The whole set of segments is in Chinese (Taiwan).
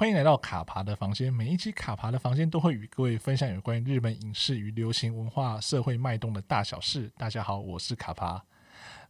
歡迎來到卡爬的房間。每一集卡爬的房間都會與各位分享有關於日本影視與流行文化、社會脈動的大小事。大家好，我是卡爬。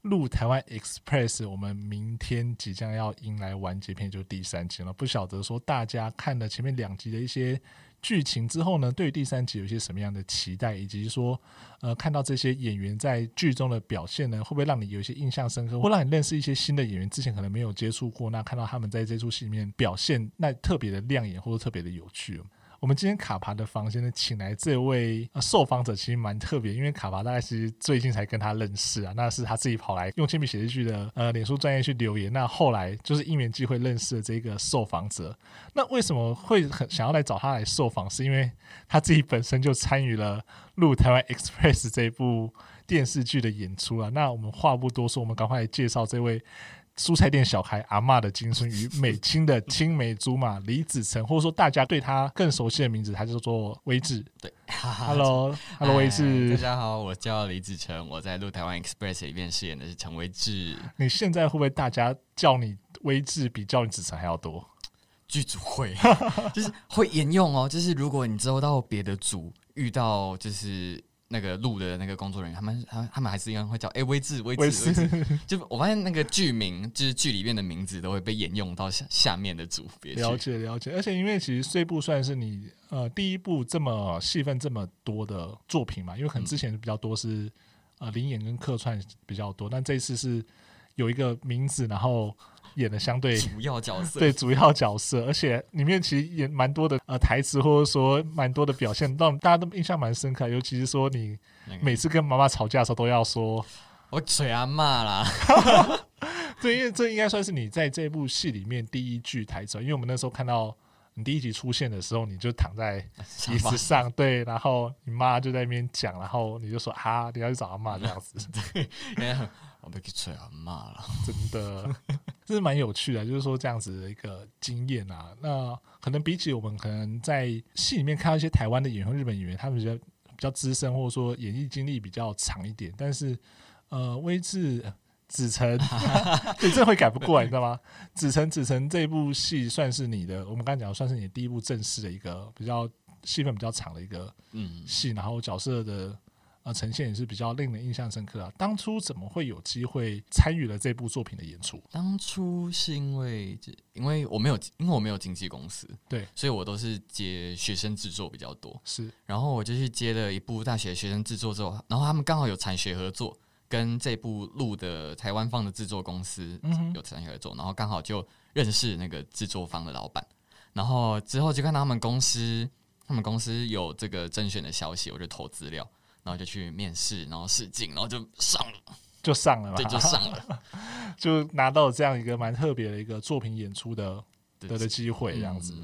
路台灣 Express，我們明天即將要迎來完結篇，就第三集了。不曉得說大家看了前面兩集的一些。劇情之後呢，對於第三集有些什麼樣的期待？以及說，呃，看到這些演員在劇中的表現呢，會不會讓你有一些印象深刻？會讓你認識一些新的演員，之前可能沒有接觸過，那看到他們在這出戲裡面表現，那特別的亮眼或者特別的有趣。我們今天卡帕的房間呢，請來這位、呃、受訪者，其實蠻特別，因為卡帕大概其實最近才跟他認識啊,那是他自己跑來用鉛筆寫日劇的呃臉書專頁去留言，那後來就是因緣機會認識了這個受訪者。那為什麼會很想要來找他來受訪，是因為他自己本身就參與了《路台灣 Express》這部電視劇的演出啊。那我們話不多說，我們趕快來介紹這位。蔬菜店小開、阿媽的金孫與美青的青梅竹馬 李梓誠。或者說，大家對他更熟悉的名字，他就叫做威志。對，Hello，Hello 威志。大家好、啊哎哎、好，我叫李梓誠，我在《路台灣 Express》裡面飾演的是陳威志。你現在會不會大家叫你威志比叫你梓誠還要多？劇組會， 就是會沿用哦。就是如果你之後到別的組遇到，就是。那個錄的那個工作人員，他們他他們還是應該會叫哎，威志威志。就我發現那個劇名就是劇裡面的名字都會被沿用到下下面的組別。了解了解，而且因為其實這部算是你呃第一部這麼戲份這麼多的作品嘛，因為可能之前比較多是、嗯、呃臨演跟客串比較多，但這次是有一個名字，然後。演的相對主要角色，對，對主要角色， 而且裡面其實演蠻多的呃台詞，或者說蠻多的表現讓大家都印象蠻深刻。尤其是說你每次跟媽媽吵架的時候都要說“我嘴阿嬤啦”，對，因為這應該算是你在這部戲裡面第一句台詞。因為我們那時候看到你第一集出現的時候，你就躺在椅子上，對，然後你媽就在那邊講，然後你就說“啊，你要去找阿嬤這樣子” 對。 我要去找阿嬤了，真的，這 是蠻有趣的，就是說這樣子的一個經驗啊。那可能比起我們可能在戲裡面看到一些台灣的演員、日本演員，他們比較比較資深，或者說演藝經歷比較長一點。但是，呃，威志梓誠 對，這會改不過來， 你知道嗎？梓誠梓誠，這部戲算是你的，我們剛才講的算是你的第一部正式的一個比較戲份比較長的一個嗯戲，嗯嗯然後角色的。啊、呃，呈現也是比較令人印象深刻啊！當初怎麼會有機會參與了這部作品的演出？當初是因為因為我沒有因為我沒有經紀公司，對，所以我都是接學生制作比較多。是，然後我就去接了一部大學學生制作之後，然後他們剛好有產學合作，跟這部路的台灣方的制作公司有產學合作，嗯、然後剛好就認識那個制作方的老板，然後之後就看到他們公司，他們公司有這個甄選的消息，我就投資料。然後就去面試，然後試鏡，然後就上了，就上了，就上了，這就上了，就拿到這樣一個蠻特別的一個作品演出的的的機會，這樣子。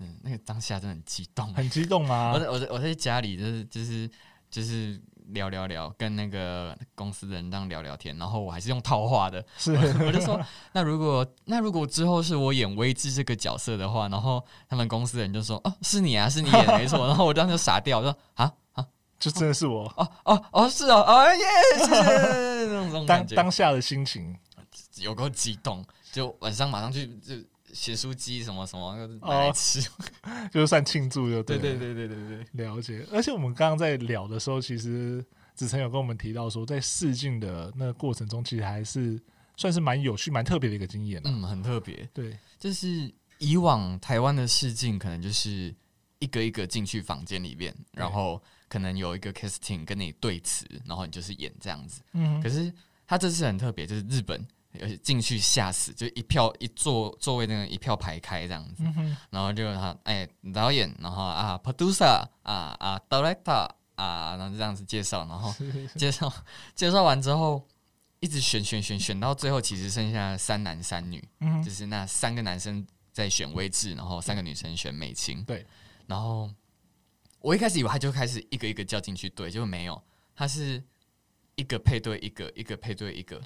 嗯，那個當下真的很激動，很激動嗎、啊？ 我在我在我在家裡就是就是就是聊聊聊，跟那個公司的人當聊聊天，然後我還是用套話的，是 我就說，那如果那如果之後是我演威志這個角色的話，然後他們公司的人就說哦、啊，是你啊，是你演沒錯， 然後我當時傻掉，我說啊。就真的是我哦哦哦是哦哦耶！ 當當下的心情有夠激動，就晚上馬上去就洗書機什麼什麼，買、哦、來就算慶祝就對。對對對對對，對了解。而且我們剛剛在聊的時候，其實梓誠有跟我們提到說，在試鏡的那個過程中，其實還是算是蠻有趣、蠻特別的一個經驗。嗯，很特別。對，就是以往台灣的試鏡，可能就是。一個一個進去房間裡面，然後可能有一個 casting 跟你對詞，然後你就是演這樣子。嗯、可是他這次很特別，就是日本，而且進去嚇死，就一票一座座位那個一票排開這樣子，嗯、然後就啊，哎、欸、導演，然後啊 producer 啊啊 director 啊，然後這樣子介紹，然後介紹介紹完之後，一直選選選選到最後，其實剩下三男三女，嗯，就是那三個男生在選威志，然後三個女生選美青。嗯，對。然後，我一開始以為他就開始一個一個叫進去對，就沒有，他是一個配對一個一個配對一個，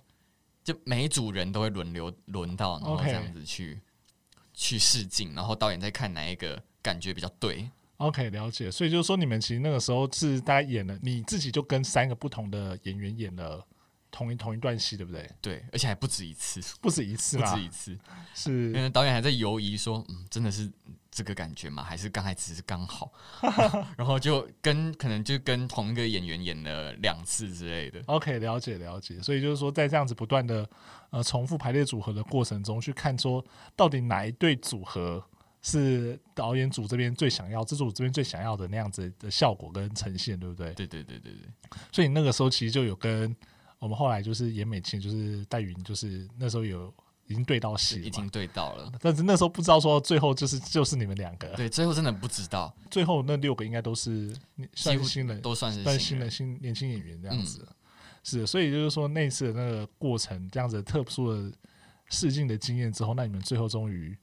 就每一組人都會輪流輪到，然後這樣子去、okay. 去試鏡，然後導演在看哪一個感覺比較對。OK，了解。所以就是說，你們其實那個時候是大家演了，你自己就跟三個不同的演員演了同一同一段戲，對不對？對，而且還不止一次，不止一次，不止一次， 是。因為導演還在猶疑，說，嗯，真的是。這個感覺嗎？還是剛開始是剛好、 啊，然後就跟可能就跟同一個演員演了兩次之類的。OK，了解了解。所以就是說，在這樣子不斷的呃重複排列組合的過程中，去看說到底哪一對組合是導演組這邊最想要，制作組這邊最想要的那樣子的效果跟呈現，對不對？對對對對對。所以那個時候其實就有跟我們後來就是演美青，就是戴雲，就是那時候有。已經對到戲了，已經對到了，但是那時候不知道說最後就是就是你們兩個，對，最後真的不知道，最後那六個應該都是新新人，都算是新的新年輕演員這樣子，是，所以就是說那次的那個過程，這樣子特殊的試鏡的經驗之後，那你們最後終於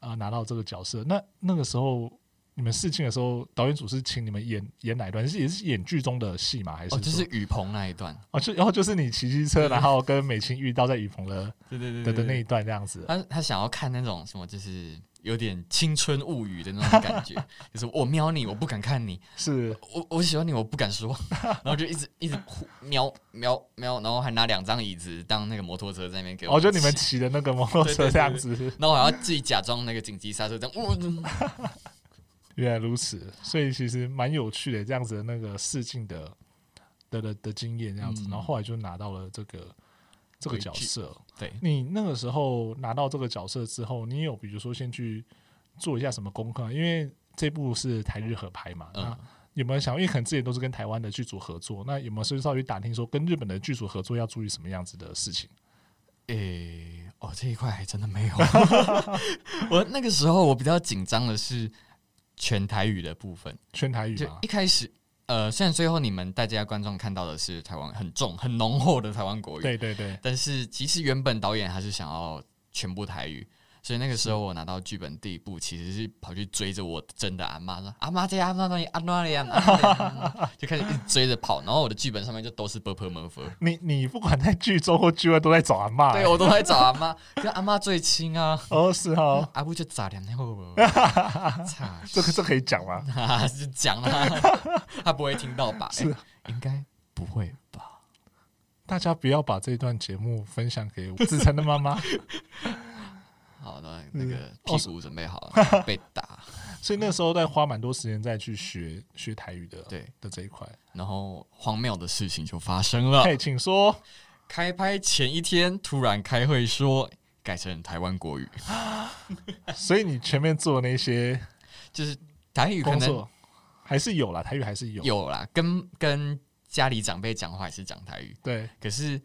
啊拿到這個角色，那那個時候。你們試鏡的時候，導演組是請你們演演哪一段？是也是演劇中的戲嗎？還是？哦，就是雨棚那一段哦，就然後、哦、就是你騎機車，對對對對，然後跟美青遇到在雨棚了，對對對，對的那一段這樣子。他他想要看那種什麼，就是有點青春物語的那種感覺， 就是我瞄你，我不敢看你，是我我喜歡你，我不敢說，然後就一直一直瞄瞄瞄，然後還拿兩張椅子當那個摩托車在那邊給我。哦，就你們騎的那個摩托車這樣子，對對對對，然後我還要自己假裝那個緊急剎車，這樣。 原來如此，所以其實蠻有趣的這樣子的那個試鏡的，的的的的經驗這樣子，然後後來就拿到了這個這個角色。對你那個時候拿到這個角色之後，你有比如說先去做一下什麼功課？因為這部是台日合拍嘛，那有沒有想，因為可能之前都是跟台灣的劇組合作，那有沒有是是稍微打聽說，跟日本的劇組合作要注意什麼樣子的事情？誒、欸，哦，這一塊還真的沒有。 我那個時候我比較緊張的是。全台語的部分，全台語嘛。一開始，呃，雖然最後你們大家觀眾看到的是台灣很重、很濃厚的台灣國語，對對對，但是其實原本導演還是想要全部台語。所以那個時候，我拿到劇本第一步，其實是跑去追着我真的阿媽說， 阿媽這樣，阿媽那裡， 阿媽那裡就開始一直追着跑。然後我的劇本上面就都是伯伯、媽 媽。你你不管在劇中或劇外，都在找阿媽、欸。對，我都在找阿媽，跟 阿媽最親啊。哦，是哈。阿不就咋的？ 差，這可、個、這個、可以講嗎？啊， 就講啊，他不會聽到吧？ 欸、是，應該不會吧？大家不要把這段節目分享給梓誠的媽媽。好的，那個屁股準備好了，嗯哦、被打， 所以那時候在花蠻多時間再去學學台語的，對的這一塊。然後荒謬的事情就發生了。哎，請說，開拍前一天突然開會說改成台灣國語， 所以你前面做的那些就是台語，可能工作還是有啦，台語還是有有啦。跟跟家裡長輩講話還是講台語，對。可是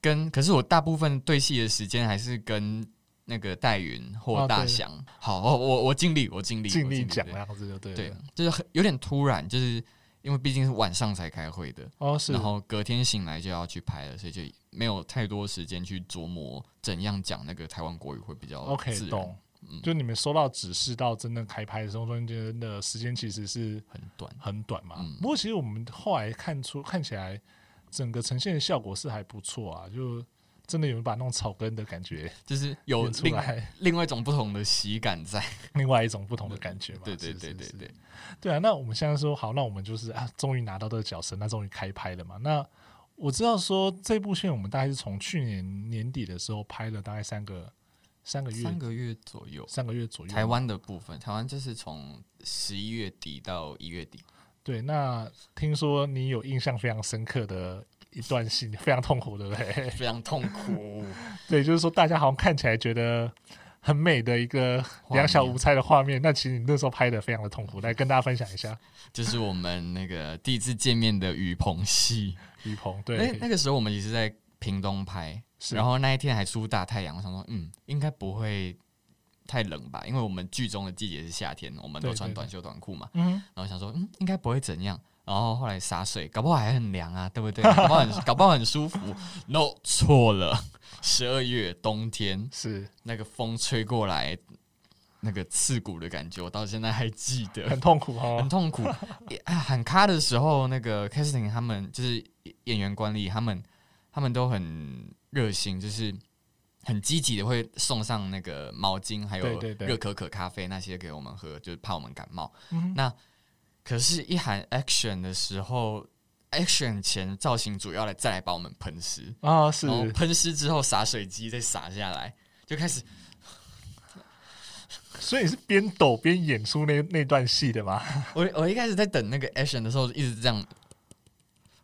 跟可是我大部分對戲的時間還是跟。那個戴雲或大翔，啊、好，好，我我盡力，我盡力盡力講，然後這就對，對，對，對，就是很有點突然，就是因為畢竟是晚上才開會的，哦是，然後隔天醒來就要去拍了，所以就沒有太多時間去琢磨怎樣講那個台灣國語會比較自然。Okay, 懂，嗯，就你們收到指示到真正開拍的時候，中間的時間其實是很短很短嘛。嗯，不過其實我們後來看出看起來整個呈現的效果是還不錯啊，就。真的有，沒有把那種草根的感覺，就是有另外另外一種不同的喜感在， 另外一種不同的感覺 對對對對對，對，對，對，對啊。那我們現在說好，那我們就是啊，終於拿到這個角色，那終於開拍了嘛？那我知道說這部戲我們大概是從去年年底的時候拍了，大概三個三個月三個月左右，三個月左右。台灣的部分，台灣就是從十一月底到一月底。對，那聽說你有印象非常深刻的。一段戲非常痛苦，對不對？非常痛苦。 對，就是說，大家好像看起來覺得很美的一個兩小無猜的畫面，畫面，那其實你那時候拍的非常的痛苦，來跟大家分享一下。就是我們那個第一次見面的雨棚戲， 雨棚對。那、欸、那個時候我們也是在屏東拍，是。然後那一天還出大太陽，我想說，嗯，應該不會太冷吧？因為我們劇中的季節是夏天，我們都穿短袖短褲嘛，嗯。然後想說，嗯，應該不會怎樣。然後後來灑水，搞不好還很涼啊，對不對？搞不好，很 搞不好很，搞不好很舒服。No，錯了，十二月冬天是那個風吹過來，那個刺骨的感覺，我到現在還記得，很痛苦，哦，很痛苦。 喊卡的時候，那個 casting 他們就是演員管理，他們他們都很熱心，就是很積極的會送上那個毛巾，還有熱可可、咖啡那些給我們喝，對對對，就是怕我們感冒。嗯、那。可是，一喊 action 的時候，action 前造型組要來再來把我們噴濕啊，是噴濕之後，灑水機再灑下來，就開始。所以是邊抖邊演出那那段戲的嗎？我我一開始在等那個 action 的時候，一直這樣，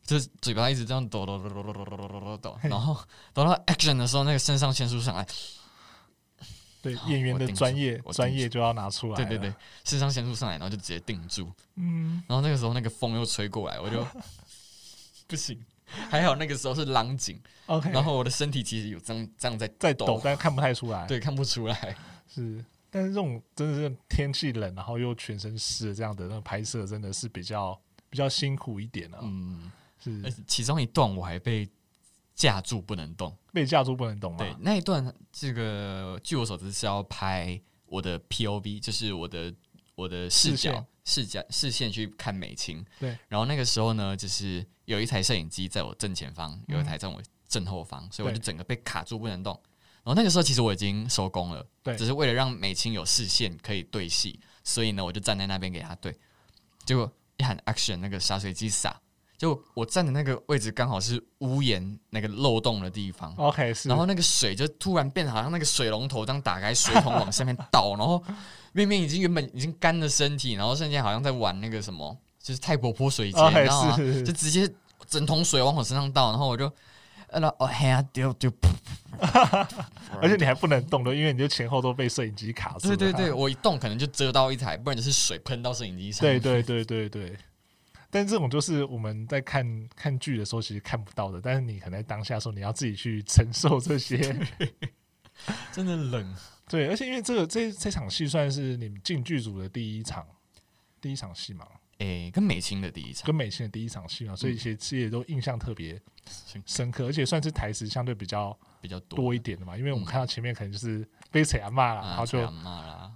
就是嘴巴一直這樣抖抖抖抖抖抖抖抖抖，然後抖到 action 的時候，那個腎上腺素上來。對演員的專業，專業就要拿出來。對對對，腎上腺素上來，然後就直接定住。嗯，然後那個時候那個風又吹過來，我就 不行。 還好那個時候是冷景、okay, 然後我的身體其實有這樣這樣在在抖,抖，但看不太出來。 對，看不出來。是，但是這種真的是天氣冷，然後又全身濕的這樣的那個、拍攝，真的是比較比較辛苦一點了。嗯，是。其中一段我還被。架住不能動，被架住不能動。啊、對，那一段這個，據我所知是要拍我的 P O V，就是我的我的視角視線、視角、視線去看美青。對。然後那個時候呢，就是有一台攝影機在我正前方、嗯，有一台在我正後方，所以我就整個被卡住不能動。然後那個時候其實我已經收工了，對，只是為了讓美青有視線可以對戲，所以呢，我就站在那邊給他對。結果一喊 action，那個灑水機灑。就我站的那個位置，剛好是屋檐那個漏洞的地方。OK，是。然後那個水就突然變得好像那個水龍頭這樣打開，水桶往下面倒， 然後明明已經原本已經乾的身體，然後瞬間好像在玩那個什麼，就是太婆潑水節、okay, 啊，就直接整桶水往我身上倒，然後我就呃哦嘿啊丟丟， 而且你還不能動的，因為你就前後都被攝影機卡住。 對，對對對，我一動可能就遮到一台，不然就是水噴到攝影機上。 對，對對對對對。但這種就是我們在看看劇的時候其實看不到的，但是你可能在當下的時候你要自己去承受這些， 真的冷。對，而且因為這個這這場戲算是你們進劇組的第一場第一場戲嘛，哎、欸，跟美青的第一場，跟美青的第一場戲嘛，所以其實也都印象特別深刻、嗯，而且算是台詞相對比較比較多一點的嘛，因為我們看到前面可能就是。被誰啊罵了？然後就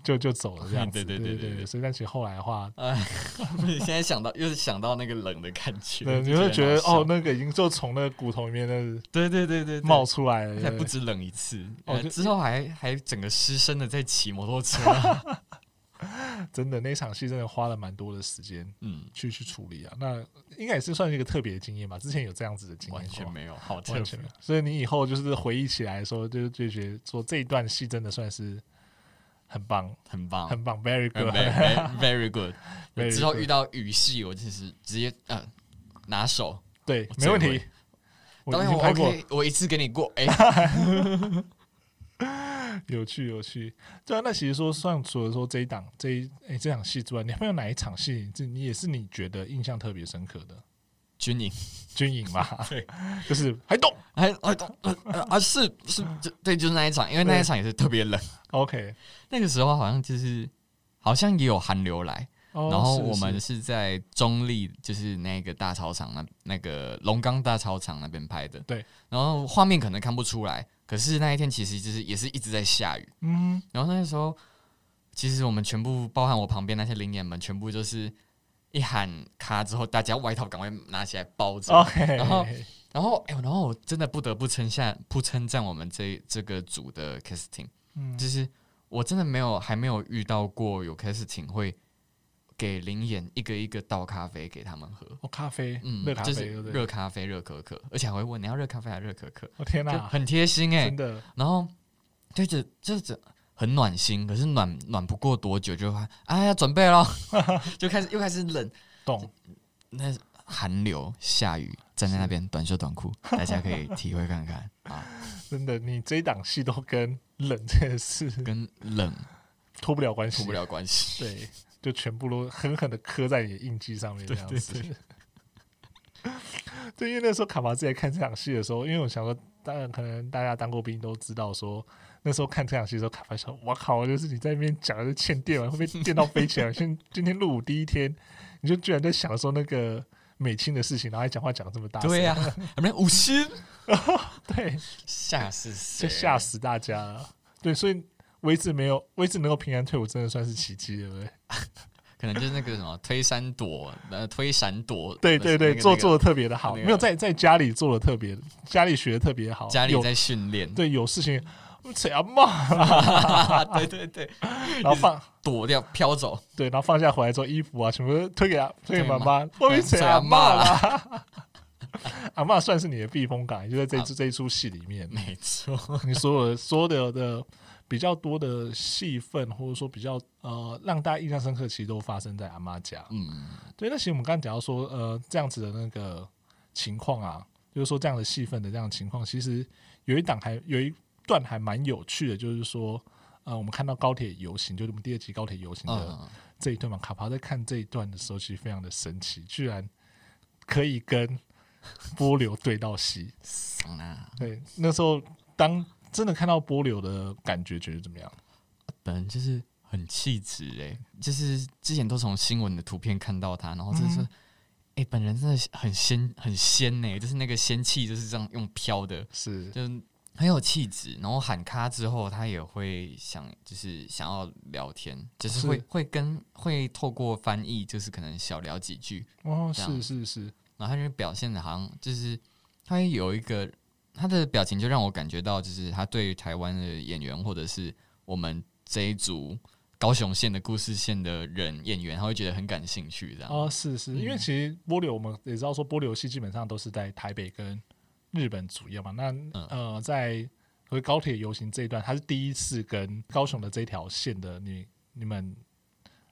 就就走了這樣。Okay, 對對對對，對對對對。所以，但其實後來的話，哎， 現在想到 又是想到那個冷的感覺，對你會覺得 哦，那個已經就從那個骨頭裡面那對，對對對對，冒出來了。現在不止冷一次，對對對對，之後還還整個濕身的在騎摩托車，啊。 真的那場戲真的花了蠻多的時間，嗯，去去處理啊。那應該也是算是一個特別的經驗吧。之前有這樣子的經驗完全沒有，好，完全沒有，所以你以後就是回憶起來的時候，就是就覺得說，這一段戲真的算是很棒，很棒，很棒，very good，very good, good。之後遇到雨戲，我就是直接嗯、呃、拿手，對，沒問題。等一下，我可、OK, 以，我一次給你過哎。欸 有趣，有趣。對啊，那其實說算，除了說這一檔這一誒、欸、這場戲之外，你還有，有哪一場戲？就你也是你覺得印象特別深刻的？軍營，軍營吧。 對，就是 挨凍，還挨凍，還 啊是是，就對，就是那一場，因為那一場也是特別冷。OK，那個時候好像就是好像也有寒流來，哦，然後我們是在中壢，就是那個大操場是是那那個龍崗大操場那邊拍的。對，然後畫面可能看不出來。可是那一天其實就是也是一直在下雨，嗯，然後那個時候，其實我們全部包含我旁邊那些臨演們，全部就是一喊卡之後，大家外套趕快拿起來包着 然後 然後、 欸，然後，然後，哎呦，然後我真的不得不稱下，不稱讚我們這這個組的 casting，嗯，就是我真的沒有還沒有遇到過有 casting 會。給臨演一個一個倒咖啡給他們喝，咖啡，嗯，就是熱咖啡，熱，就是，熱可可，而且還會問你要熱咖啡還是熱可可。我，哦，天哪，啊，很貼心哎，欸，真的。然後對著就是就是很暖心，可是暖暖不過多久就哎呀，準備咯！ 」就開始又開始冷。 懂？那寒流下雨站在那邊短袖短褲，大家可以體會看看啊。 真的，你這一檔戲都跟冷這件事跟冷脫不了關係，脫不了關係， 對。就全部都狠狠的刻在你的印記上面這樣子。對，對，因為那時候卡巴在看這場戲的時候，因為我想說，當然可能大家當過兵都知道，說那時候看這場戲的時候，卡巴想說：“我靠，就是你在那邊講的是欠電了，會被電到飛起來。”今今天入伍第一天，你就居然在想說那個美青的事情，然後還講話講的這麼大聲，啊， 對呀，還沒五星，對，嚇死，嚇死大家了。對，所以威志沒有威志能夠平安退伍，真的算是奇蹟，對不對？ 可能就是那個什麼推三躲，推閃躲，對對對，那個、做做的特別的好那、那個，沒有在在家裡做的特別，家裡學的特別好，家裡在訓練，對，有事情誰要罵？ 對對對，然後放、就是、躲掉飄走，對，然後放下回來之後衣服啊，什麼推給他、啊，推給媽媽，後面誰要罵？阿媽算是你的避風港，你就在這這、啊、這一出戲裡面。沒錯，你所有所有的比較多的戲份，或者說比較呃讓大家印象深刻，其實都發生在阿嬤家。嗯嗯，對。那其實我們剛剛講到說，呃，這樣子的那個情況啊，就是說這樣的戲份的這樣的情況，其實有一檔還有一段還蠻有趣的，就是說，呃，我們看到高鐵遊行，就是我們第二集高鐵遊行的這一段嘛。嗯、卡帕在看這一段的時候，其實非常的神奇，居然可以跟。波瑠對到戲，對，那時候當真的看到波瑠的感覺，覺得怎麼樣？本人就是很氣質哎，就是之前都從新聞的圖片看到他，然後就是，哎、嗯，欸，本人真的很仙很仙哎、欸，就是那個仙氣就是這樣用飄的，是，就很有氣質。然後喊卡之後，他也會想就是想要聊天，就是會是會跟會透過翻譯，就是可能小聊幾句哦，是是是。然後他就表現的，好像就是他有一個他的表情，就讓我感覺到，就是他對台灣的演員，或者是我們這一組高雄線的故事線的人演員，他會覺得很感興趣，這樣哦，是是。因為其實波瑠我們也知道說波瑠戲基本上都是在台北跟日本主要嘛，那呃，在和高鐵遊行這一段，他是第一次跟高雄的這一條線的你你們。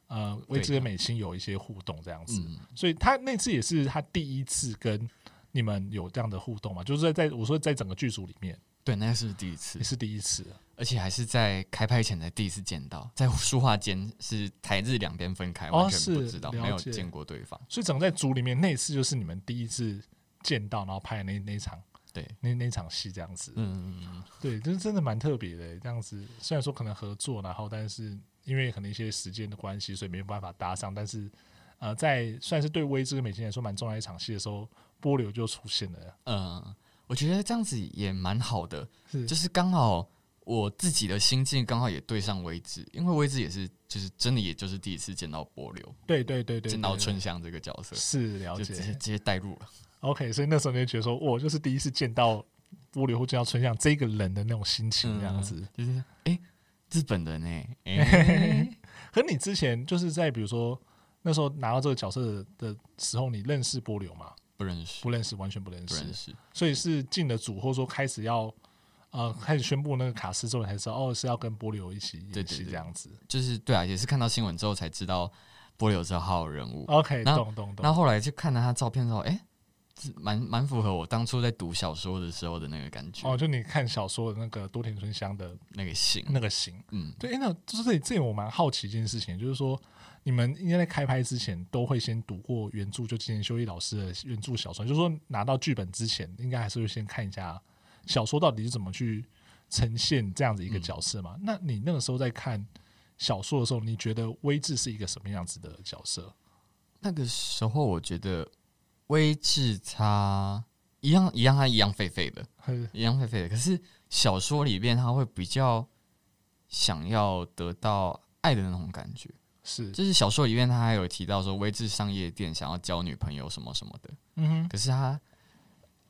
呃、啊，為這些美青有一些互動這樣子、嗯，所以他那次也是他第一次跟你們有這樣的互動嘛，就是在在我說在整個劇組裡面，對，那是第一次，也是第一次，而且還是在開拍前的第一次見到，在書畫間是台日兩邊分開，哦、完全不知道沒有見過對方，所以整個在組裡面那次就是你們第一次見到，然後拍的那那，那場對那那場戲這樣子，嗯嗯嗯，對，就是真的蠻特別的這樣子，雖然說可能合作，然後但是。因為可能一些時間的關係，所以沒有辦法搭上。但是，呃，在算是對威志跟美青來說蠻重要的一場戲的時候，波瑠就出現了。嗯、呃，我覺得這樣子也蠻好的，就是剛好我自己的心境剛好也對上威志，因為威志也是就是真的也就是第一次見到波瑠，對對對對，對，對，對，對，見到春香這個角色是了解，直接直接帶入了。OK，所以那時候你就覺得說，我就是第一次見到波瑠或見到春香這個人的那種心情，這樣子、嗯、就是、欸日本的呢？和、欸、 你之前就是在比如說那時候拿到這個角色的時候，你認識波瑠嗎？不認識，不認識，完全不認識。不認識。所以是進了組或者說開始要呃開始宣布那個卡司之後才知道哦，是要跟波瑠一起演戲這樣子。對對對。就是對啊，也是看到新聞之後才知道波瑠這號人物。OK，懂懂懂。那後來就看了他照片之後，哎、欸。蠻蠻符合我當初在讀小說的時候的那個感覺哦，就你看小說的那個多田春香的那個，那個型，那個型。嗯，對。那就是這這點我蠻好奇一件事情，就是說你們應該在開拍之前都會先讀過原著，就吉田修一老師的原著小說，就是說拿到劇本之前，應該還是會先看一下小說到底是怎麼去呈現這樣子一個角色嘛、嗯？那你那個時候在看小說的時候，你覺得威志是一個什麼樣子的角色？那個時候我覺得。威志差，一樣一樣他一樣廢廢的，一樣廢廢的。可是小說裡面他會比較想要得到愛的那種感覺，是就是小說裡面他還有提到說威志上夜店想要交女朋友什麼什麼的，嗯哼。可是他。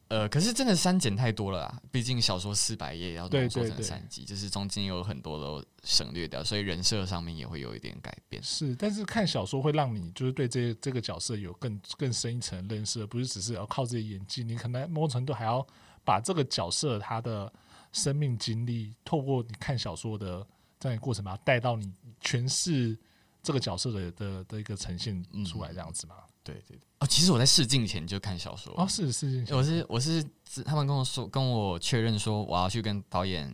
呃，可是真的刪減太多了啊！畢竟小說四百頁要怎麼做成三集，對對對，就是中間有很多都省略掉，所以人設上面也會有一點改變。是，但是看小說會讓你就是對這這個角色有更更深一層的認識，而不是只是要靠自己演技，你可能某種程度還要把這個角色他的生命經歷，透過你看小說的這樣一個過程，把它帶到你詮釋這個角色的的的一個呈現出來這樣子嘛。嗯對對對，哦，其實我在試鏡前就看小說哦，是試鏡前，我是我是，他們跟我說跟我確認說我要去跟導演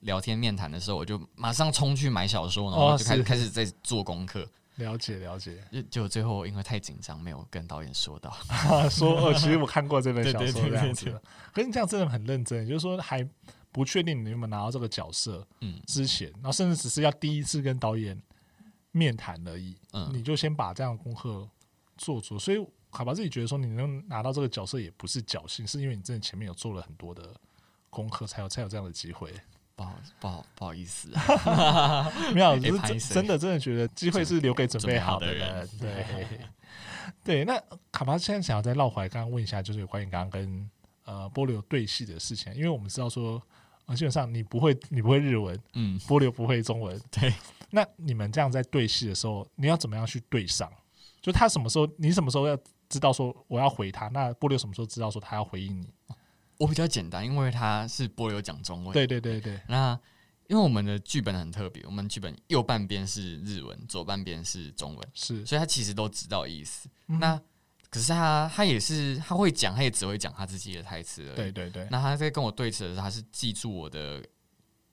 聊天面談的時候，我就馬上衝去買小說，然後我就開始、哦、開始在做功課，了解了解就，就最後因為太緊張，沒有跟導演說到，啊、說其實我看過這本小說，這樣跟你這樣真的很認真。也就是說還不確定你有沒有拿到這個角色，嗯，之前，然後甚至只是要第一次跟導演面談而已，嗯，你就先把這樣的功課。做足，所以卡巴自己覺得說，你能拿到這個角色也不是僥倖，是因為你真的前面有做了很多的功課，才有才有這樣的機會。不好，不好，不好意思、啊， 沒有，真、就是欸、真的真的覺得機會是留給準備好的人。的人對， 對，那卡巴現在想要再繞回剛剛問一下，就是有關於剛剛跟呃波瑠對戲的事情，因為我們知道說，呃，基本上你不會，你不會日文，嗯，波瑠不會中文，對， 那你們這樣在對戲的時候，你要怎麼樣去對上？就他什麼時候，你什麼時候要知道說我要回他？那波瑠什麼時候知道說他要回應你？我比較簡單，因為他是波瑠講中文。對對對對。那因為我們的劇本很特別，我們劇本右半邊是日文，左半邊是中文，是，所以他其實都知道意思。嗯、那可是他他也是他會講，他也只會講他自己的台詞而已。對對對。那他在跟我對詞的時候，他是記住我的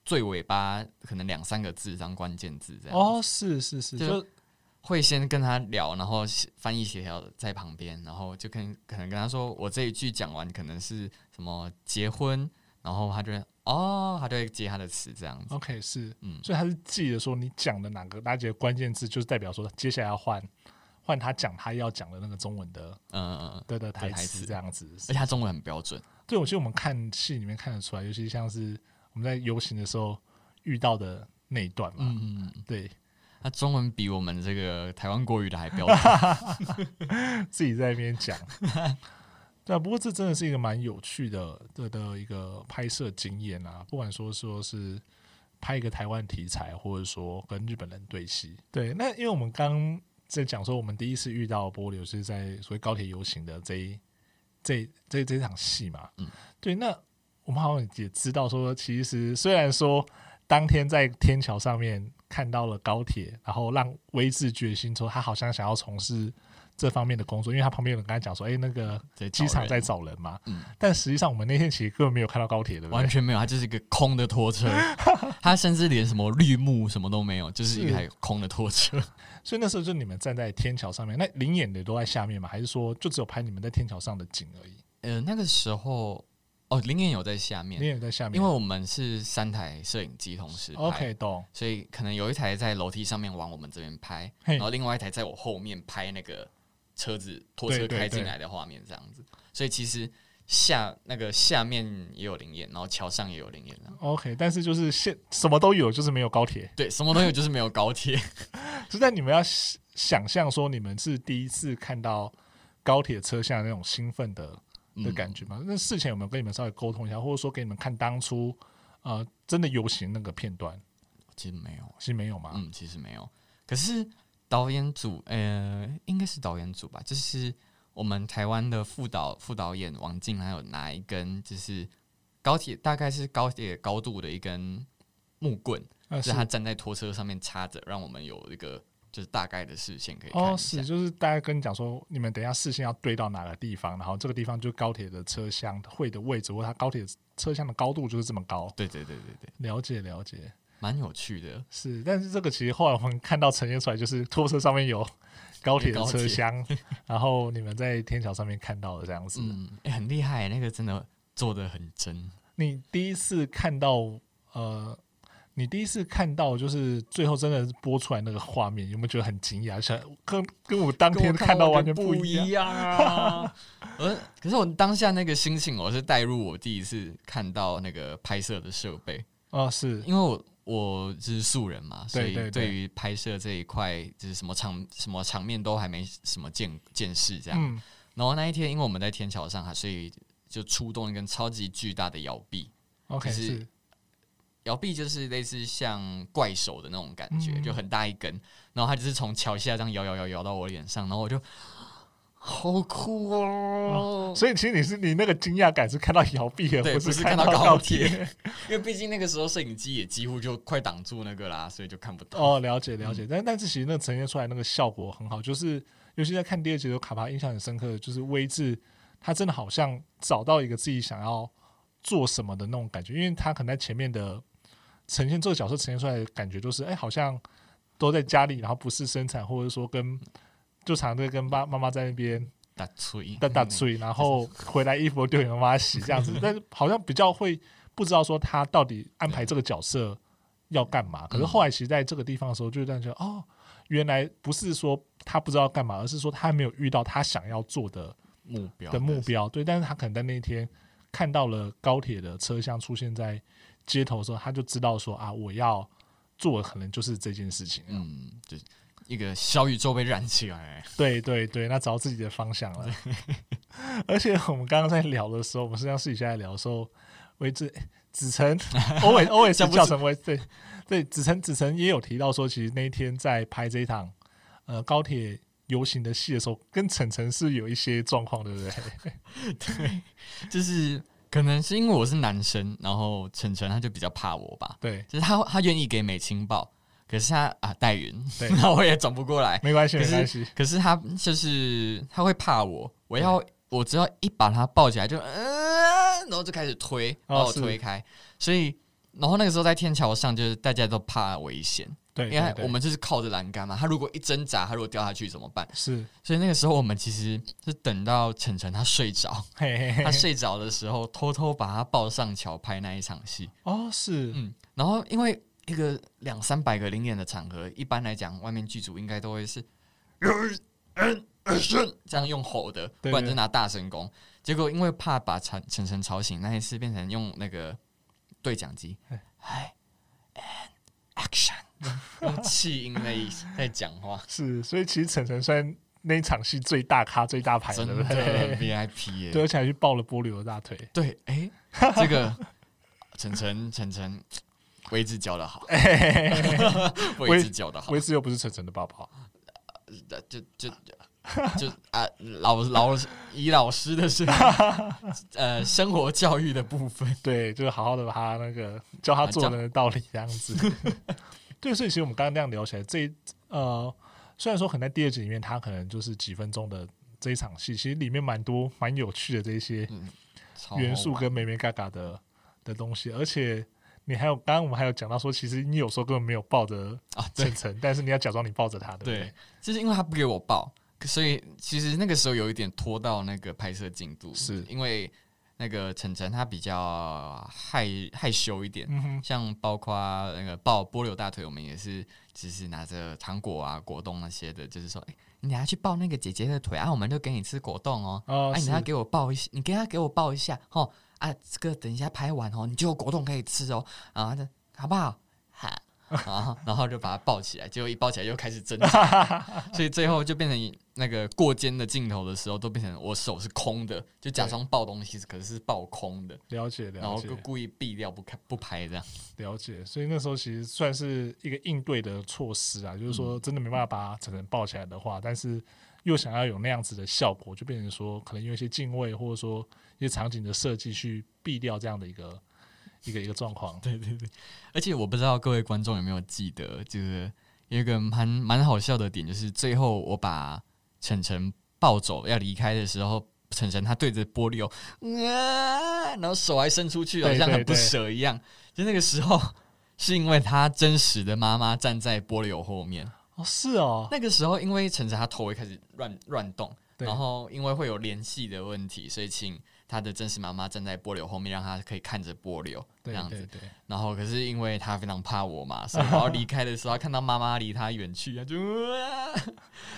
最尾巴可能兩三個字當關鍵字這樣。哦，是是是，就。就會先跟他聊，然後翻譯協調在旁邊，然後就跟可能跟他說，我這一句講完，可能是什麼結婚，然後他就哦，他就會接他的詞這樣子。OK，是，嗯，所以他是記得說你講的哪個，大家幾個關鍵字，就是代表說接下來要換換他講，他要講的那個中文的，嗯、呃、嗯，對台詞這樣子，而且他中文很標準。對，我覺得我們看戲裡面看得出來，尤其像是我們在遊行的時候遇到的那一段嘛，嗯，嗯，對。中文比我們這個台灣國語的還標準， 自己在那邊講。對啊，不過這真的是一個蠻有趣的的的一個拍攝經驗啊！不管說說是拍一個台灣題材，或者說跟日本人對戲，對，那因為我們剛在講說，我們第一次遇到波瑠是在所謂高鐵遊行的這一、這一、這一、這一、這一場戲嘛。嗯。對，那我們好像也知道說，其實雖然說當天在天橋上面。看到了高鐵，然後讓威志決心說他好像想要從事這方面的工作，因為他旁邊有人跟他講說：“哎，那個機場在找人嘛。嗯”但實際上我們那天其實根本沒有看到高鐵的，完全沒有，它就是一個空的拖車，它 甚至連什麼綠幕什麼都沒有，就是一個空的拖車。 所以那時候就你們站在天橋上面，那臨演的都在下面嘛？還是說就只有拍你們在天橋上的景而已？呃，那個時候。哦，臨演有在下面，臨演在下面，因為我們是三台攝影機同時拍，OK，懂，所以可能有一台在樓梯上面往我們這邊拍，然後另外一台在我後面拍那個車子拖車開進來的畫面這樣子對對對，所以其實下那個下面也有臨演，然後橋上也有臨演，OK，但是就是現什麼都有，就是沒有高鐵，對，什麼都有就是沒有高鐵， 就在你們要想象說你們是第一次看到高鐵車下那種興奮的。的感覺嗎、嗯，那事前有沒有跟你們稍微溝通一下，或者說給你們看當初，呃，真的遊行那個片段？其實沒有，其實沒有嗎？嗯，其實沒有。可是導演組，呃，應該是導演組吧，就是我們台灣的副導副導演王靜，還有拿一根就是高鐵，大概是高鐵高度的一根木棍，啊、是他、就是、站在拖車上面插着，讓我們有一個。就是大概的視線可以看哦，是就是大家跟你講說，你們等一下視線要對到哪個地方，然後這個地方就是高鐵的車廂會的位置，或它高鐵車廂的高度就是這麼高。對對對對對，了解了解，蠻有趣的，是。但是這個其實後來我們看到呈現出來，就是拖車上面有高鐵的車廂，然後你們在天橋上面看到的這樣子，嗯，欸，很厲害欸，那個真的做得很真。你第一次看到呃。你第一次看到，就是最後真的播出來那個畫面，有沒有覺得很驚訝？想跟跟我當天看到完全不一樣啊 ！啊、 可是我當下那個心情，我是帶入我第一次看到那個拍攝的設備啊、哦，是因為我我是素人嘛，所以對於拍攝這一塊，就是什麼場什麼場面都還沒什麼見見識這樣、嗯。然後那一天，因為我們在天橋上哈，所以就出動一根超級巨大的搖臂，OK 是。搖臂就是類似像怪手的那種感覺、嗯，就很大一根，然後它就是從橋下這樣搖搖搖搖到我臉上，然後我就好酷哦、啊啊！所以其實你是你那個驚訝感是看到搖臂或者是看到高鐵，因為畢竟那個時候攝影機也幾乎就快擋住那個啦、啊，所以就看不到。哦，了解了解，但但是其實那呈現出來那個效果很好、嗯，就是尤其在看第二集，我卡帕印象很深刻的就是威志，他真的好像找到一個自己想要做什麼的那種感覺，因為他可能在前面的。呈現這個角色呈現出來的感覺就是，哎、欸，好像都在家裡，然後不是生產，或者說跟就常常跟跟爸爸媽媽在那邊打錘，打打錘、嗯嗯，然後回來衣服丟給媽媽洗這樣子。 但是好像比較會不知道說他到底安排這個角色要幹嘛。可是後來其實在這個地方的時候就感，就這樣覺得哦，原來不是說他不知道幹嘛，而是說他還沒有遇到他想要做的目標的目標、就是。對，但是他可能在那一天看到了高鐵的車廂出現在。街頭說，他就知道說啊，我要做的可能就是這件事情。嗯，就一個小宇宙被燃起來。對對對，那找到自己的方向了。而且我們剛剛在聊的時候，我們實際上私底下在聊的時候，威志梓誠，偶爾偶爾不叫什麼對對梓誠梓誠也有提到說，其實那一天在拍這一場呃高鐵遊行的戲的時候，跟晨晨是有一些狀況，對不對？對，就是。可能是因為我是男生，然後晨晨他就比較怕我吧。對，就是他他願意給美青抱，可是他啊帶雲對，然後我也轉不過來。沒關係，沒關係。可是他就是他會怕我，我要我只要一把他抱起來就嗯、呃，然後就開始推把我推開，哦、所以。然後那個時候在天橋上，就是大家都怕危險，對、對，因為我們就是靠着欄杆嘛。他如果一掙扎，他如果掉下去怎麼辦？是，所以那個時候我們其實是等到晨晨他睡着， 他睡着的時候偷偷把他抱上橋拍那一場戲。哦，是，嗯。然後因為一個兩三百個臨演的場合，一般來講外面劇組應該都會是，這樣用吼的，對，不然就拿大聲公。結果因為怕把晨、晨晨吵醒，那一次變成用那個。對講機，哎 and action， 用氣音的意思在講話， 是，所以其實誠誠算那場戲最大咖、最大牌真的 VIP 耶，對，而且還去抱了波瑠的大腿，對，哎、欸，這個誠 誠誠誠，威志教得好，威 志教得好，威志又不是誠誠，誠的爸爸，就、啊啊、就。就啊 就啊，老老師以老師的身份， 呃，生活教育的部分， 對，就是好好的把他那個教他做人的道理這樣子。 對，所以其實我們剛剛那樣聊起來，這呃，雖然說可能在第二集裡面他可能就是幾分鐘的這一場戲，其實裡面蠻多蠻有趣的這一些元素跟眉眉角角的的東西，而且你還有剛剛我們還有講到說，其實你有時候根本沒有抱着啊真誠，但是你要假裝你抱着他，對，就是因為他不給我抱。所以其實那個時候有一點拖到那個拍攝進度，是因為那個晨晨他比較害害羞一點、嗯，像包括那個抱波瑠大腿，我們也是只是拿着糖果啊、果凍那些的，就是說，欸、你等下去抱那個姐姐的腿啊，我們就給你吃果凍哦。哎、哦啊，你等下給我抱一下，你跟他給我抱一下，吼啊，這個等一下拍完哦，你就有果凍可以吃哦，啊，好不好？啊， 然後就把他抱起來，結果一抱起來又開始掙扎， 所以最後就變成那個過肩的鏡頭的時候，都變成我手是空的，就假裝抱東西，可是是抱空的。了解，了解。然後就故意避掉不開不拍這樣。了解，所以那時候其實算是一個應對的措施啊，就是說真的沒辦法把它整個人抱起來的話、嗯，但是又想要有那樣子的效果，就變成說可能用一些鏡位，或者說一些場景的設計去避掉這樣的一個。一個一個狀況，對對對，對，而且我不知道各位觀眾有沒有記得，就是有一個蠻蠻好笑的點，就是最後我把晨晨抱走要離開的時候，晨晨他對着玻璃哦，嗯、啊，然後手還伸出去好像很不舍一樣。就那個時候，是因為他真實的媽媽站在玻璃後面，哦，是哦，那個時候因為晨晨他頭會開始亂亂動，然後因為會有連戲的問題，所以請。他的真實媽媽站在波瑠後面，讓他可以看着波瑠，對對對，這樣子對對對。然後可是因為他非常怕我嘛，所以我要離開的時候， 看到媽媽離他遠去，他就，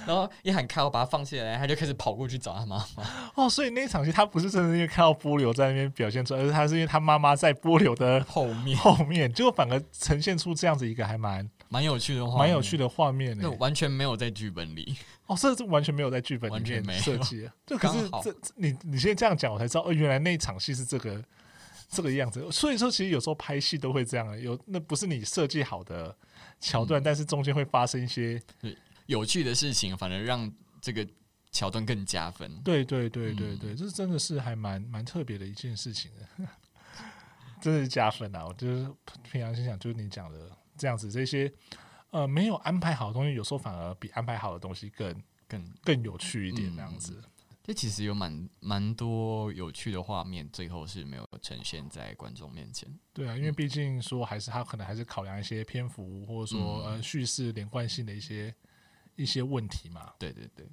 然後一喊開，我把他放下來，他就開始跑過去找他媽媽。哦，所以那一場戲他不是真的因為看到波瑠在那邊表現出來，而是他是因為他媽媽在波瑠的後面後面，就反而呈現出這樣子一個還蠻蠻有趣的、蠻有趣的畫面。那完全沒有在劇本裡。哦，這是完全沒有在劇本裡面設計啊！就可是這你你現在這樣講，我才知道哦，原來那場戲是這個這個樣子。所以說，其實有時候拍戲都會這樣，有那不是你設計好的橋段，嗯，但是中間會發生一些有趣的事情，反而讓這個橋段更加分。對對對對對，嗯，這真的是還蠻蠻特別的一件事情的，真的 是加分啊！我覺得平常心想，就是你講的這樣子這些。呃，沒有安排好的東西，有時候反而比安排好的東西更、更、更有趣一點。那樣子，這、嗯嗯、其實有蠻蠻多有趣的畫面，最後是沒有呈現在觀眾面前。對啊，因為畢竟說，還是他可能還是考量一些篇幅，或者說、嗯、呃敘事連貫性的一些一些問題嘛。對對對，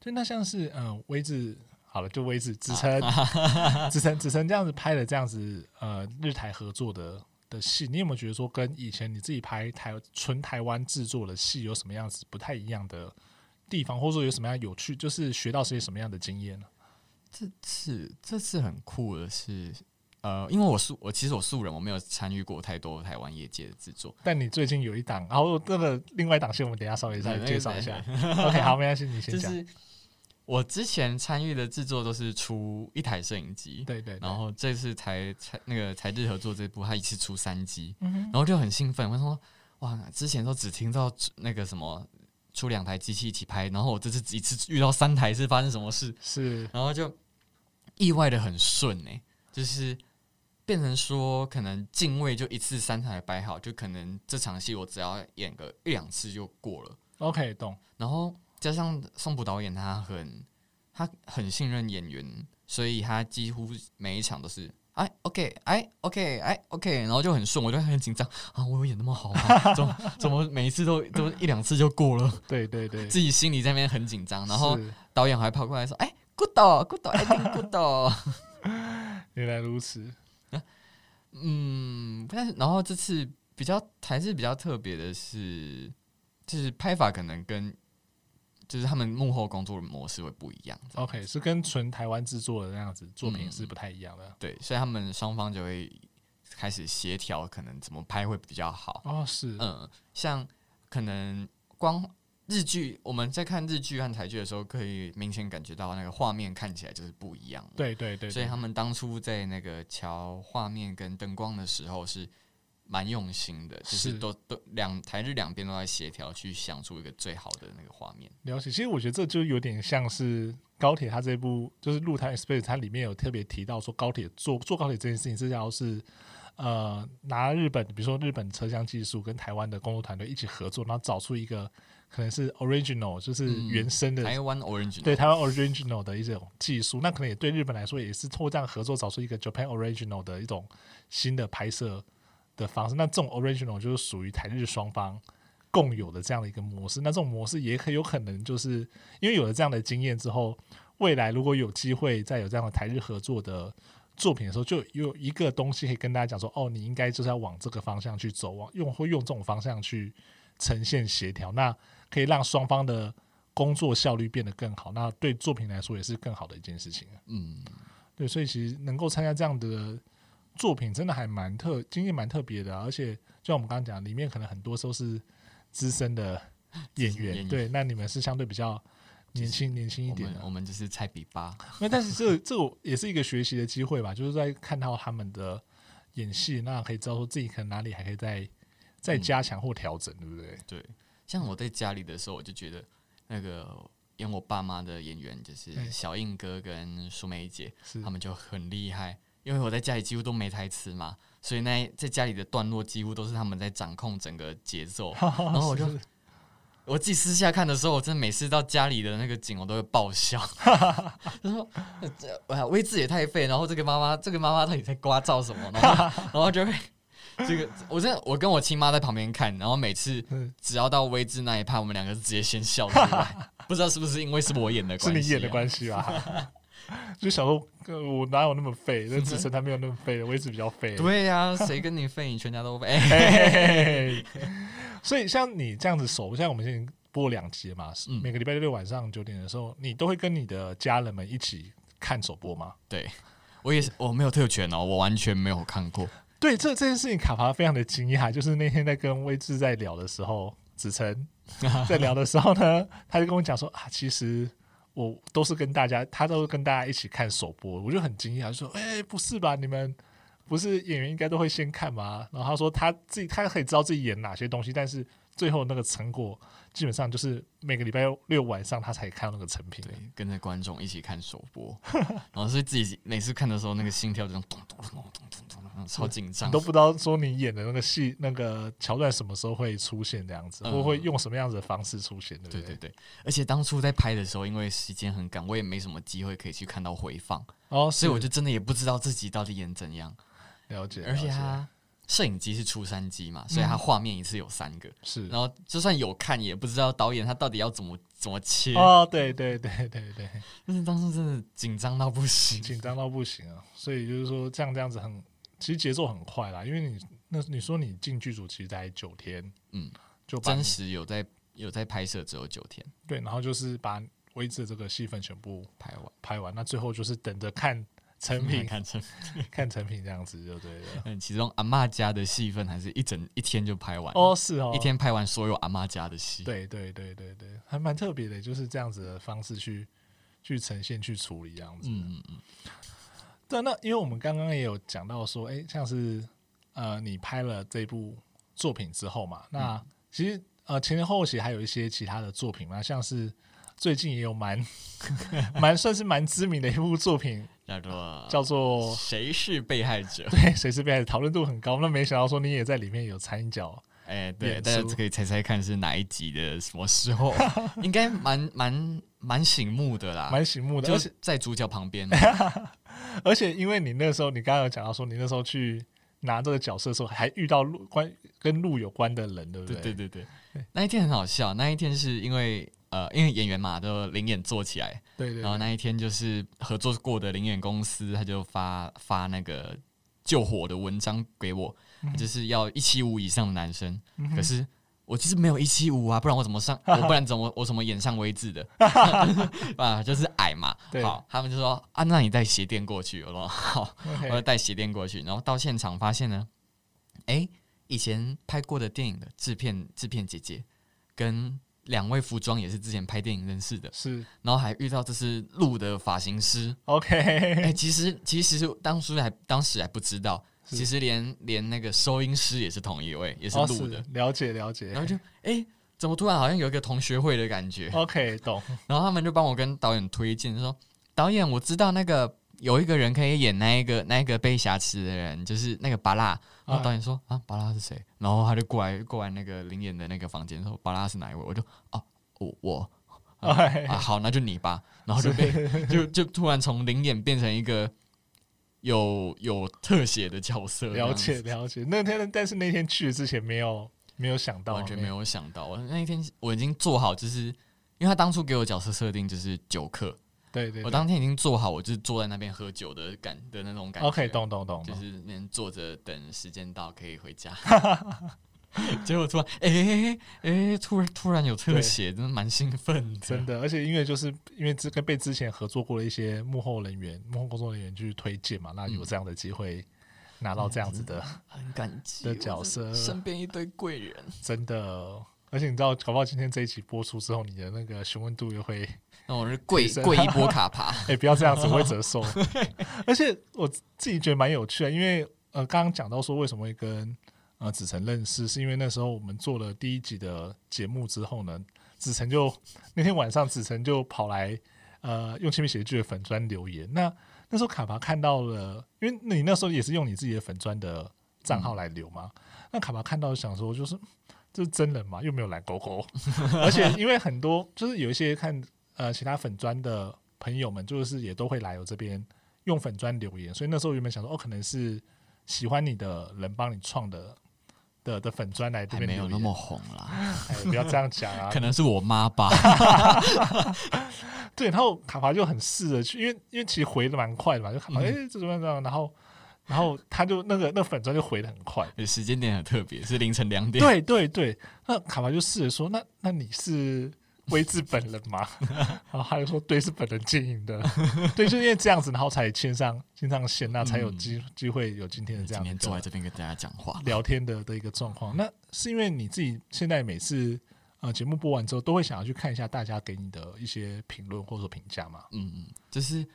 就那像是嗯、呃，威志好了，就威志梓誠梓誠梓誠這樣子拍的這樣子呃日台合作的的戲，你有沒有覺得說跟以前你自己拍台純台灣制作的戲有什麼樣子不太一樣的地方，或者說有什麼樣有趣，就是學到些什麼樣的經驗呢？這次這次很酷的是，呃，因為我素我其實我素人，我沒有參與過太多台灣業界的制作。但你最近有一檔，然後這個另外一檔戲，我們等一下稍微再介紹一下。 OK，好，沒關係，你先講。就是我之前參與的制作都是出一台攝影機，對，對對，然後這次台台那個台日合作這部，他一次出三機，嗯、然後就很興奮，我說哇，之前都只聽到那個什麼出兩台機器一起拍，然後我這次一次遇到三台是發生什麼事？是，然後就意外的很順哎，就是變成說可能鏡位就一次三台擺好，就可能這場戲我只要演個一兩次就過了。OK，懂。然後。就像宋普導演，他很他很信任演員，所以他幾乎每一場都是哎、啊、OK 哎、啊、OK 哎、啊、OK，然後就很順，我就很緊張啊，我有演那麼好嗎？怎麼怎麼每一次都都一兩次就過了？ 對對對，對，自己心裡在那邊很緊張，然後導演還跑過來說：“哎、欸、，good good, good，哎，good。”原來如此嗯，但是然後這次比較還是比較特別的是，就是拍法可能跟。就是他們幕後工作的模式會不一樣。OK，是跟純台灣製作的那樣子作品是不太一樣的。嗯、對，所以他們雙方就會開始協調，可能怎麼拍會比較好。哦，是，嗯，像可能光日劇，我們在看日劇和台劇的時候，可以明顯感覺到那個畫面看起來就是不一樣。對對，對對對。所以他們當初在那個調畫面跟燈光的時候是。蠻用心的，就是都是都兩台日兩邊都在協調，去想出一個最好的那個畫面。了解，其實我覺得這就有點像是高鐵，它這部就是《路～台灣 EXPRESS》它裡面有特別提到說高、高鐵坐坐高鐵這件事情這叫是、是要是呃拿日本，比如說日本車廂技術跟台灣的工作團隊一起合作，然後找出一個可能是 original，就是原生的、嗯、台灣 original，對台灣 original 的一種技術，那可能也對日本來說也是透過這樣合作找出一個 Japan original 的一種新的拍攝的方式，那這種 original 就是屬於台日雙方共有的這樣的一個模式。那這種模式也可有可能就是因為有了這樣的經驗之後，未來如果有機會再有這樣的台日合作的作品的時候，就有一個東西可以跟大家講說：哦，你應該就是要往這個方向去走，往用會用這種方向去呈現協調，那可以讓雙方的工作效率變得更好。那對作品來說也是更好的一件事情。嗯，對，所以其實能夠參加這樣的。作品真的還蠻特，經驗蠻特別的，啊，而且就像我們剛剛講，裡面可能很多時候是資深的演員、演員，對，那你們是相對比較年輕，就是，年輕一點的。我們就是菜比八，那但是這個、這個，也是一個學習的機會吧， 就是在看到他們的演戲，那可以知道說自己可能哪裡還可以再，嗯，再加強或調整，對不對？對，像我在家裡的時候，我就覺得那個演我爸媽的演員就是小應哥跟蘇梅姐，欸，他們就很厲害。因為我在家裡幾乎都沒台詞嘛，所以那在家裡的段落幾乎都是他們在掌控整個節奏， 然後我就我自己私下看的時候，我真的每次到家裡的那個景，我都會爆笑。他 說：“這、啊、哎，威志也太廢，然後這個媽媽，這個媽媽到底在聒噪什麼，然後， 然後就會這個我真的我跟我親媽在旁邊看，然後每次只要到威志那一派，怕我們兩個是直接先笑出來。 不知道是不是因為是我演的關係、啊，是你演的關係吧？” 就小時候，我哪有那麼廢？那 梓誠他沒有那麼廢， 我一直比較廢、欸。對呀、啊，誰跟你廢， 你全家都廢。欸、嘿嘿嘿 所以像你這樣子熟，首現像我們現在播兩集嘛，嗯、每個禮拜六晚上九點的時候，你都會跟你的家人們一起看首播嗎？對我也是，我沒有特權哦，我完全沒有看過。 對這這件事情，卡牌非常的驚訝。就是那天在跟威志在聊的時候，梓誠 在聊的時候呢，他就跟我講說啊，其實。我都是跟大家，他都跟大家一起看首播，我就很驚訝，他說：“哎、欸，不是吧？你們不是演員應該都會先看嗎？”然後他說：“他自己，他可以知道自己演哪些東西，但是最後那個成果基本上就是每個禮拜六晚上他才看到那個成品，對，跟着觀眾一起看首播， 然後所以自己每次看的時候，那個心跳就咚咚咚咚咚咚。”嗯、超緊張，你都不知道說你演的那個戲那個橋段什麼時候會出現這樣子，或、嗯、會,會用什麼樣子的方式出現，對對,對？對對而且當初在拍的時候，因為時間很趕，我也沒什麼機會可以去看到回放哦，所以我就真的也不知道自己到底演怎樣。了解。了解而且啊，攝影機是出三機嘛，所以他畫面一次有三個。是、嗯。然後就算有看，也不知道導演他到底要怎麼怎麼切。哦，對對對對對,對。但是當時真的緊張到不行，緊張到不行啊、喔！所以就是說這樣這樣子很。其實節奏很快啦，因為你那你說你進劇組其實才九天，嗯，就把真實有在有在拍攝只有九天，對，然後就是把威志的這個戲份全部拍完，拍完，那最後就是等着看成品，看成 看成品這樣子就對對、嗯、其中阿嬤家的戲份還是一整一天就拍完，哦是哦，一天拍完所有阿嬤家的戲，對對對對對，還蠻特別的，就是這樣子的方式去去呈現去處理這樣子，嗯嗯嗯。對，那因為我們剛剛也有講到說，哎、欸，像是呃，你拍了這部作品之後嘛，嗯、那其實呃，前前後後還有一些其他的作品嘛，像是最近也有蠻蠻 算是蠻知名的一部作品，叫 做叫做《誰是被害者》。對，誰是被害者？討論度很高。那沒想到說你也在裡面有參與角。哎、欸，對，大家可以猜猜看是哪一集的什麼時候？ 應該蠻蠻蠻醒目的啦，蠻醒目的，就是在主角旁邊。 而且，因為你那時候，你剛剛有講到說，你那時候去拿這個角色的時候，還遇到路關跟路有關的人，對不對？對對對對，那一天很好笑，那一天是因為呃，因為演員嘛，都臨演做起來，對，對對。然後那一天就是合作過的臨演公司，他就發發那個救火的文章給我，就是要一七五以上的男生，嗯、可是。我就是沒有一七五啊，不然我怎麼上？ 我不然怎麼我怎麼演上威志的？啊， 就是矮嘛。好，他們就說啊，那你帶鞋墊過去，我了。好，okay. 我要帶鞋墊過去。然後到現場發現呢，哎、欸，以前拍過的電影的制片制片姐姐，跟兩位服裝也是之前拍電影認識的，是。然後還遇到這是路的髮型師。OK，、欸、其實其實當初還當時還不知道。其實連連那個收音師也是同一位，也是錄的。哦、了解了解。然後就哎、欸，怎麼突然好像有一個同學會的感覺？OK，懂。然後他們就幫我跟導演推薦，說導演，我知道那個有一個人可以演那一個那一個被挾持的人，就是那個巴拉、嗯。然後導演說啊，巴拉是誰？然後他就過來過來那個臨演的那個房間說，巴拉是哪一位？我就哦、啊，我我、啊嗯哎啊、好，那就你吧。然後就被就就突然從臨演變成一個。有有特寫的角色，了解了解。那天但是那天去之前沒有沒有想到，完全沒有想到。我那天我已經做好，就是因為他當初給我角色設定就是酒客，對,對對。我當天已經做好，我就是坐在那邊喝酒的感的那種感覺。OK，懂懂懂，就是能坐着等時間到可以回家。 結果突然，哎、欸、哎、欸欸，突然突然有特寫，真的蠻興奮，真的。而且因為就是因為跟被之前合作過的一些幕後人員、幕後工作人員就去推薦嘛，那有這樣的機會拿到這樣子的、嗯欸、的很感激的角色，身邊一堆貴人，真的。而且你知道，搞不好今天這一集播出之後，你的那個詢問度又會，我、哦、是貴貴一波卡牌，哎、 欸，不要這樣子，哦、會折壽。 而且我自己覺得蠻有趣的，因為呃，剛剛講到說為什麼會跟。啊、呃，梓誠認識是因為那時候我們做了第一集的節目之後呢，梓誠就那天晚上梓誠就跑來，呃，用鉛筆寫日劇的粉專留言。那那時候卡巴看到了，因為你那時候也是用你自己的粉專的賬號來留嘛。嗯、那卡巴看到想說、就是，就是這是真人嘛，又沒有藍勾勾， 而且因為很多就是有一些看呃其他粉專的朋友們，就是也都會來我這邊用粉專留言，所以那時候原本想說，哦，可能是喜歡你的人幫你創的。的，的粉專來這邊沒有那麼紅啦，不要這樣講啊！ 可能是我媽吧。 對，然後卡娃就很試著去，因為因為其實回的蠻快的嘛，就看到哎這怎麼樣，然後然後他就那個那粉專就回的很快，欸、時間點很特別，是凌晨兩點。對對對，那卡娃就試着說，那那你是。 威志本人嘛，然 後 還有說，對，是本人經營的， 對，就是、因為這樣子，然後才簽上簽上線，那、嗯、才有機機會有今天的這樣子的天的今天坐在這邊跟大家講話 聊天的的一個狀況。那是因為你自己現在每次呃節目播完之後，都會想要去看一下大家給你的一些評論或者評價嘛？嗯，就是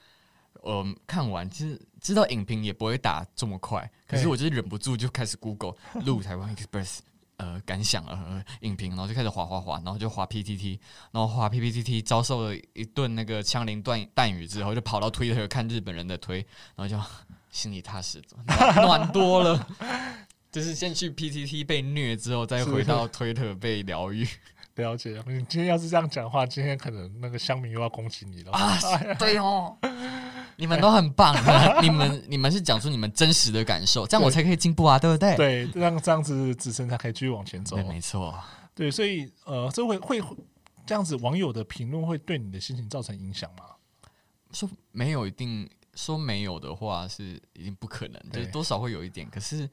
嗯看完其實知道影評也不會打這麼快，可是我就是忍不住就開始 Google 路 台灣 Express。呃，感想呃，影評，然後就開始滑滑滑，然後就滑 PTT，然後滑 PTT，遭受了一頓那個槍林彈彈雨之後，就跑到推特看日本人的推，然後就心裡踏實多，暖多了。 就是先去 PTT 被虐之後，再回到推特被療癒是是。 了解，你今天要是這樣講話，今天可能那個鄉民又要攻擊你了啊、哎！對哦， 你們都很棒，哎、你們 你們是講出你們真實的感受，這樣我才可以進步啊，對不對？對，這樣這樣子子撐才可以繼續往前走。對，沒錯，對，所以，呃，所以呃，這會會這樣子，網友的評論會對你的心情造成影響嗎？說沒有一定，說沒有的話是一定不可能，就是多少會有一點。可是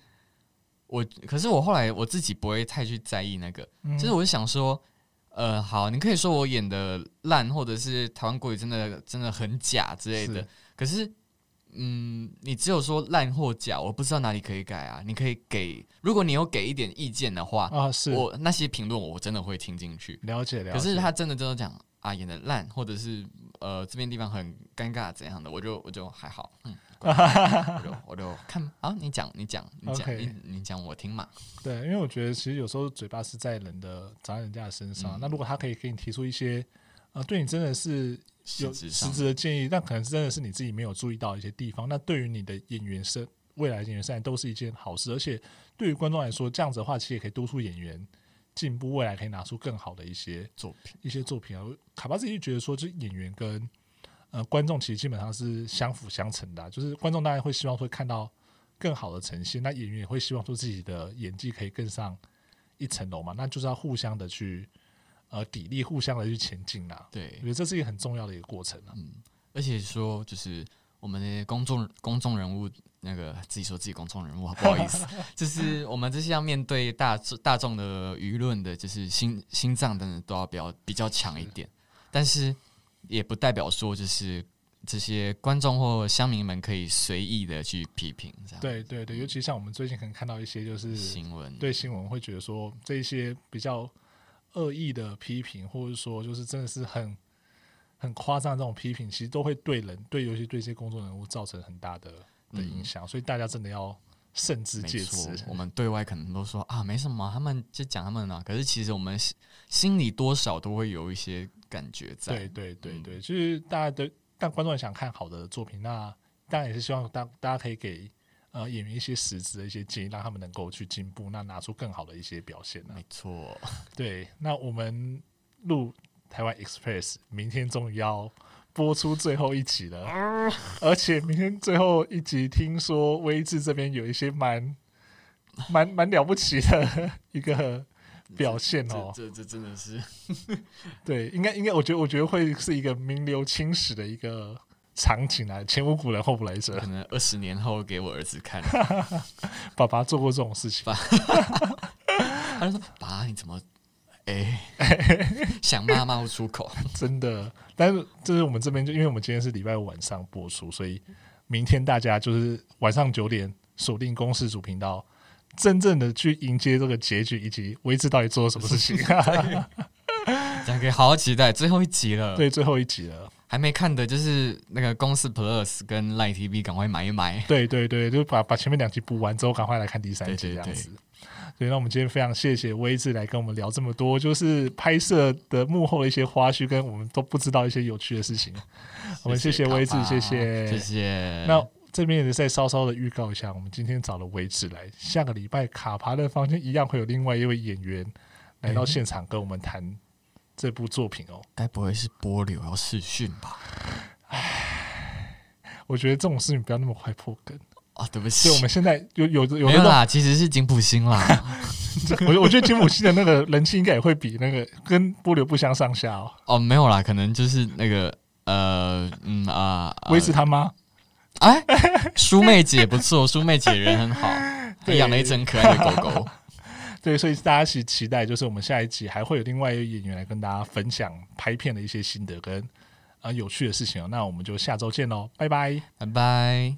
我，可是我後來我自己不會太去在意那個，嗯、就是我想說。呃，好，你可以說我演的爛，或者是台灣國語真的真的很假之類的。可是，嗯，你只有說爛或假，我不知道哪裡可以改啊。你可以給，如果你有給一點意見的話啊，是。我那些評論，我真的會聽進去。了解，了解。可是他真的真的講啊，演的爛，或者是呃這邊地方很尷尬怎樣的，我就我就還好。嗯。哈 哈，我就看啊！你講，你講、okay.，你講，你講，我聽嘛。對，因為我覺得其實有時候嘴巴是在人的，長在人家的身上、嗯。那如果他可以給你提出一些，啊、呃，對你真的是有實質的建議的，但可能真的是你自己沒有注意到一些地方。嗯、那對於你的演員身，未來的演員在都是一件好事。而且對於觀眾來說，這樣子的話，其實也可以督促演員進步，未來可以拿出更好的一些作品，一些作品、啊、卡巴自己就覺得說，這演員跟。呃，觀眾其實基本上是相輔相成的、啊，就是觀眾當然會希望會看到更好的呈現，那演員也會希望說自己的演技可以更上一層樓嘛，那就是要互相的去呃砥礪，互相的去前進啦、啊。對，因為這是一個很重要的一個過程、啊、嗯，而且說就是我們那些公眾公眾人物，那個自己說自己公眾人物，不好意思， 就是我們這些要面對大大眾的輿論的，就是心心臟等等都要比較比較強一點，但是，也不代表說就是這些觀眾或鄉民們可以隨意的去批評，這樣，對對對，尤其像我們最近可能看到一些就是新聞，對新聞會覺得說，這一些比較惡意的批評，或者說就是真的是很很誇張的這種批評，其實都會對人、對尤其對一些公眾人物造成很大的、嗯、的影響，所以大家真的要慎之戒之。我們對外可能都說、嗯、啊沒什麼，他們就講他們了、啊。可是其實我們心裡多少都會有一些。感覺在對對對對，嗯、就是大家的，但觀眾想看好的作品，那當然也是希望大大家可以給呃演員一些實質的一些建議，讓他們能夠去進步，那拿出更好的一些表現，啊、沒錯，對，那我們路台灣 Express 明天終於要播出最後一集了，啊、而且明天最後一集，聽說威志這邊有一些蠻蠻蠻了不起的一個。表現哦，這，這這真的是，對，應該應該，我覺得我覺得會是一個名留青史的一個場景啊，前無古人後無來者，可能二十年後給我兒子看、啊， 爸爸做過這種事情。 他就說：“爸，你怎麼？哎，哎想罵罵不出口， 真的。”但是就是我們這邊就，就因為我們今天是禮拜五晚上播出，所以明天大家就是晚上九點鎖定公視主頻道。真正的去迎接這個結局，以及威志到底做了什麼事情、啊？ 大家可以好好期待最後一集了，對，最後一集了，還沒看的，就是那個公視 Plus 跟 Line TV，趕快買一買。對對對，就是把把前面兩集補完之後，趕快來看第三集這樣子。所以，那我們今天非常謝謝威志來跟我們聊這麼多，就是拍攝的幕後的一些花絮，跟我們都不知道一些有趣的事情。 謝謝我們謝謝威志，謝謝謝謝。那。這邊也再稍稍的預告一下，我們今天找了威志來，下個禮拜卡爬的房間一樣會有另外一位演員來到現場跟我們談這部作品哦。該不會是波瑠要視訊吧？唉，我覺得這種事情不要那麼快破梗。啊、哦！對不起，所以我們現在有有有那個其實是金普星啦。 我覺得金普星的那個人氣應該也會比那個跟波瑠不相上下哦。哦，沒有啦，可能就是那個呃嗯啊，威、呃、志他媽。哎，書妹姐不錯，書 妹姐人很好，還養了一隻很可愛的狗狗。 對，所以大家一起期待，就是我們下一集還會有另外一個演員來跟大家分享拍片的一些心得跟啊、呃、有趣的事情哦。那我們就下周見嘍，拜拜，拜拜。